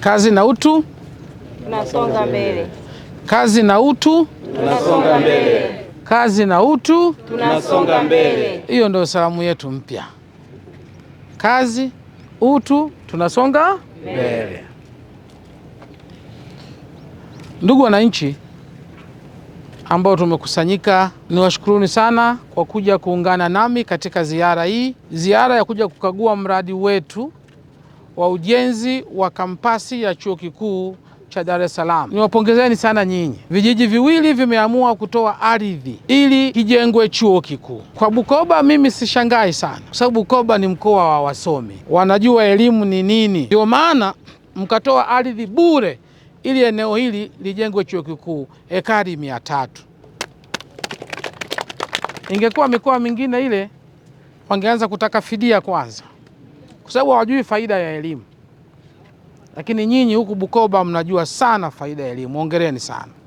Kazi na utu tunasonga mbele. Kazi na utu tunasonga mbele. Kazi na utu tunasonga mbele. Hiyo ndio salamu yetu mpya, kazi utu tunasonga mbele. Ndugu wananchi ambao tumekusanyika, niwashukuruni sana kwa kuja kuungana nami katika ziara hii, ziara ya kuja kukagua mradi wetu wa ujenzi wa kampasi ya chuo kikuu cha Dar es Salaam. Niwapongezeni sana nyinyi. Vijiji viwili vimeamua kutoa ardhi ili kijengwe chuo kikuu. Kwa Bukoba mimi sishangai sana, kwa sababu Bukoba ni mkoa wa wasomi, wanajua elimu ni nini. Ndio maana mkatoa ardhi bure ili eneo hili lijengwe chuo kikuu ekari mia tatu. Ingekuwa mikoa mingine ile wangeanza kutaka fidia kwanza kwa sababu hawajui faida ya elimu. Lakini nyinyi huku Bukoba mnajua sana faida ya elimu, ongereni sana.